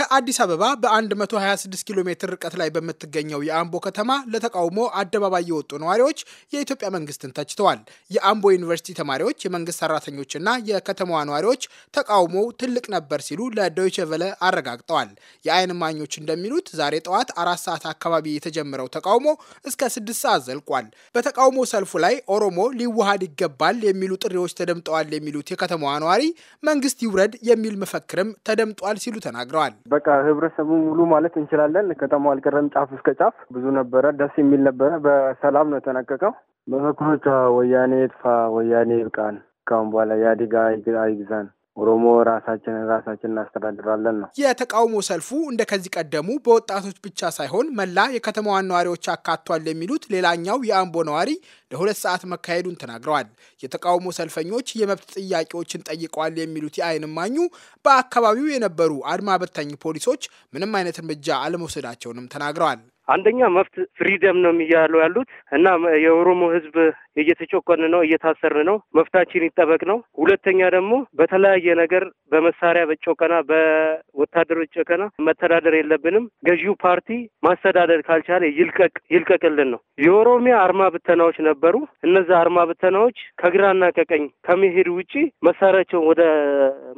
ከአዲስ አበባ በ126 ኪሎ ሜትር ርቀት ላይ በምትገኘው የአምቦ ከተማ ለተቃውሞ አደባባይ የወጡ ነዋሪዎች የኢትዮጵያ መንግስትን ተችተዋል። የአምቦ ዩኒቨርሲቲ ተማሪዎች፣ የመንግስት ሰራተኞችና የከተማዋ ነዋሪዎች ተቃውሞው ትልቅ ነበር ሲሉ ለዶይቼ ቨለ አረጋግጠዋል። የአይን ማኞች እንደሚሉት ዛሬ ጠዋት አራት ሰዓት አካባቢ የተጀመረው ተቃውሞ እስከ ስድስት ሰዓት ዘልቋል። በተቃውሞ ሰልፉ ላይ ኦሮሞ ሊዋሃድ ይገባል የሚሉ ጥሪዎች ተደምጠዋል የሚሉት የከተማዋ ነዋሪ መንግስት ይውረድ የሚል መፈክርም ተደምጧል ሲሉ ተናግረዋል። በቃ ህብረተሰቡ ሙሉ ማለት እንችላለን። ከተማው አልቀረም፣ ጫፍ እስከ ጫፍ ብዙ ነበረ። ደስ የሚል ነበረ። በሰላም ነው የተነቀቀው። መፈክሮቿ ወያኔ ጥፋ፣ ወያኔ ይብቃን፣ ካሁን በኋላ ኢህአዴግ አይግዛን ኦሮሞ ራሳችንን ራሳችን እናስተዳድራለን ነው። የተቃውሞ ሰልፉ እንደ ከዚህ ቀደሙ በወጣቶች ብቻ ሳይሆን መላ የከተማዋን ነዋሪዎች አካቷል የሚሉት ሌላኛው የአምቦ ነዋሪ ለሁለት ሰዓት መካሄዱን ተናግረዋል። የተቃውሞ ሰልፈኞች የመብት ጥያቄዎችን ጠይቀዋል የሚሉት የአይን እማኙ በአካባቢው የነበሩ አድማ በታኝ ፖሊሶች ምንም አይነት እርምጃ አለመውሰዳቸውንም ተናግረዋል። አንደኛ መብት ፍሪደም ነው የሚያሉ ያሉት እና የኦሮሞ ህዝብ እየተጨቆን ነው፣ እየታሰርን ነው። መፍታችን ይጠበቅ ነው። ሁለተኛ ደግሞ በተለያየ ነገር በመሳሪያ በጮቀና በወታደሮች ጨቀና መተዳደር የለብንም። ገዢው ፓርቲ ማስተዳደር ካልቻለ ይልቀቅ ይልቀቅልን ነው። የኦሮሚያ አርማ ብተናዎች ነበሩ። እነዛ አርማ ብተናዎች ከግራና ከቀኝ ከመሄድ ውጪ መሳሪያቸውን ወደ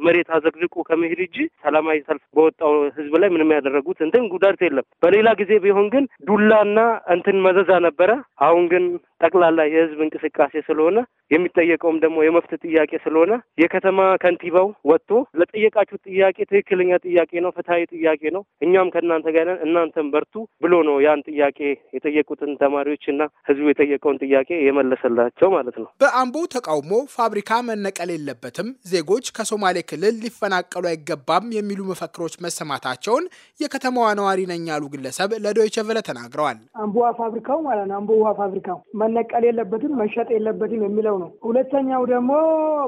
መሬት አዘግዝቁ ከመሄድ እጂ ሰላማዊ ሰልፍ በወጣው ህዝብ ላይ ምንም ያደረጉት እንትን ጉዳት የለም። በሌላ ጊዜ ቢሆን ግን ዱላና እንትን መዘዛ ነበረ። አሁን ግን ጠቅላላ የህዝብ እንቅስቃሴ ስለሆነ የሚጠየቀውም ደግሞ የመፍት ጥያቄ ስለሆነ የከተማ ከንቲባው ወጥቶ ለጠየቃችሁ ጥያቄ ትክክለኛ ጥያቄ ነው፣ ፍትሀዊ ጥያቄ ነው፣ እኛም ከእናንተ ጋር ነን፣ እናንተም በርቱ ብሎ ነው ያን ጥያቄ የጠየቁትን ተማሪዎችና ህዝቡ የጠየቀውን ጥያቄ የመለሰላቸው ማለት ነው። በአምቦ ተቃውሞ ፋብሪካ መነቀል የለበትም፣ ዜጎች ከሶማሌ ክልል ሊፈናቀሉ አይገባም የሚሉ መፈክሮች መሰማታቸውን የከተማዋ ነዋሪ ነኝ ያሉ ግለሰብ ለዶይቸ ተናግረዋል። አምቦ ውሃ ፋብሪካው ማለት ነው። አምቦ ውሃ ፋብሪካው መነቀል የለበትም መሸጥ የለበትም የሚለው ነው። ሁለተኛው ደግሞ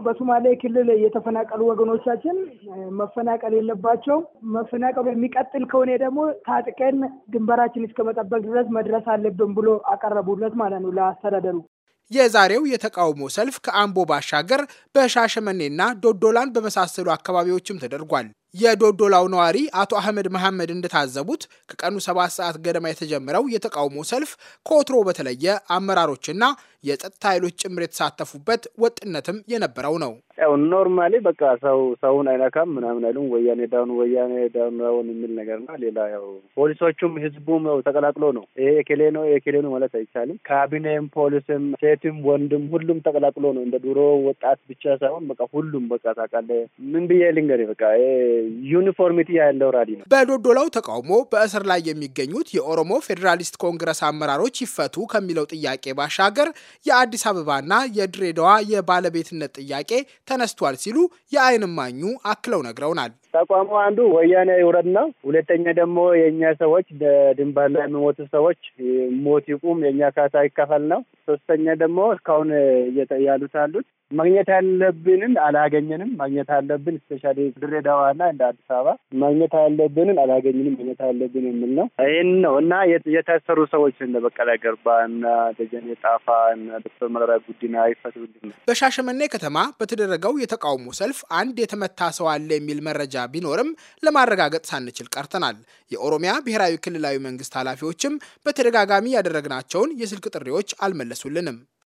በሶማሌ ክልል የተፈናቀሉ ወገኖቻችን መፈናቀል የለባቸው። መፈናቀሉ የሚቀጥል ከሆነ ደግሞ ታጥቀን ድንበራችን እስከ መጠበቅ ድረስ መድረስ አለብን ብሎ አቀረቡለት ማለት ነው ለአስተዳደሩ። የዛሬው የተቃውሞ ሰልፍ ከአምቦ ባሻገር በሻሸመኔና ዶዶላን በመሳሰሉ አካባቢዎችም ተደርጓል። የዶዶላው ነዋሪ አቶ አህመድ መሐመድ እንደታዘቡት ከቀኑ ሰባት ሰዓት ገደማ የተጀመረው የተቃውሞ ሰልፍ ከወትሮ በተለየ አመራሮችና የጸጥታ ኃይሎች ጭምር የተሳተፉበት ወጥነትም የነበረው ነው። ያው ኖርማሊ በቃ ሰው ሰውን አይነካም ምናምን አይሉም። ወያኔ ዳውን፣ ወያኔ ዳውን የሚል ነገርና ሌላ ያው ፖሊሶቹም ህዝቡም ያው ተቀላቅሎ ነው። ይሄ ኬሌ ነው ኬሌ ነው ማለት አይቻልም። ካቢኔም፣ ፖሊስም፣ ሴትም፣ ወንድም ሁሉም ተቀላቅሎ ነው። እንደ ድሮ ወጣት ብቻ ሳይሆን በቃ ሁሉም በቃ ታውቃለህ ምን ብዬ ልንገርህ በቃ ዩኒፎርሚቲ ያለው ራዲ ነው። በዶዶላው ተቃውሞ በእስር ላይ የሚገኙት የኦሮሞ ፌዴራሊስት ኮንግረስ አመራሮች ይፈቱ ከሚለው ጥያቄ ባሻገር የአዲስ አበባና የድሬዳዋ የባለቤትነት ጥያቄ ተነስቷል ሲሉ የአይን እማኙ አክለው ነግረውናል። ተቋሙ አንዱ ወያኔ ይውረድ ነው። ሁለተኛ ደግሞ የእኛ ሰዎች ድንበር ላይ የሚሞቱ ሰዎች ሞት ይቁም፣ የእኛ ካሳ ይከፈል ነው። ሶስተኛ ደግሞ እስካሁን ያሉት አሉት ማግኘት ያለብንን አላገኘንም። ማግኘት አለብን ስፔሻሊ ድሬዳዋና እንደ አዲስ አበባ ማግኘት ያለብንን አላገኘንም፣ ማግኘት ያለብን የሚል ነው። ይህን ነው እና የታሰሩ ሰዎች እንደ በቀለ ገርባ እና ደጀኔ ጣፋ እና ዶክተር መረራ ጉዲና ይፈቱልን። በሻሸመኔ ከተማ በተደረገው የተቃውሞ ሰልፍ አንድ የተመታ ሰው አለ የሚል መረጃ መረጃ ቢኖርም ለማረጋገጥ ሳንችል ቀርተናል። የኦሮሚያ ብሔራዊ ክልላዊ መንግስት ኃላፊዎችም በተደጋጋሚ ያደረግናቸውን የስልክ ጥሪዎች አልመለሱልንም።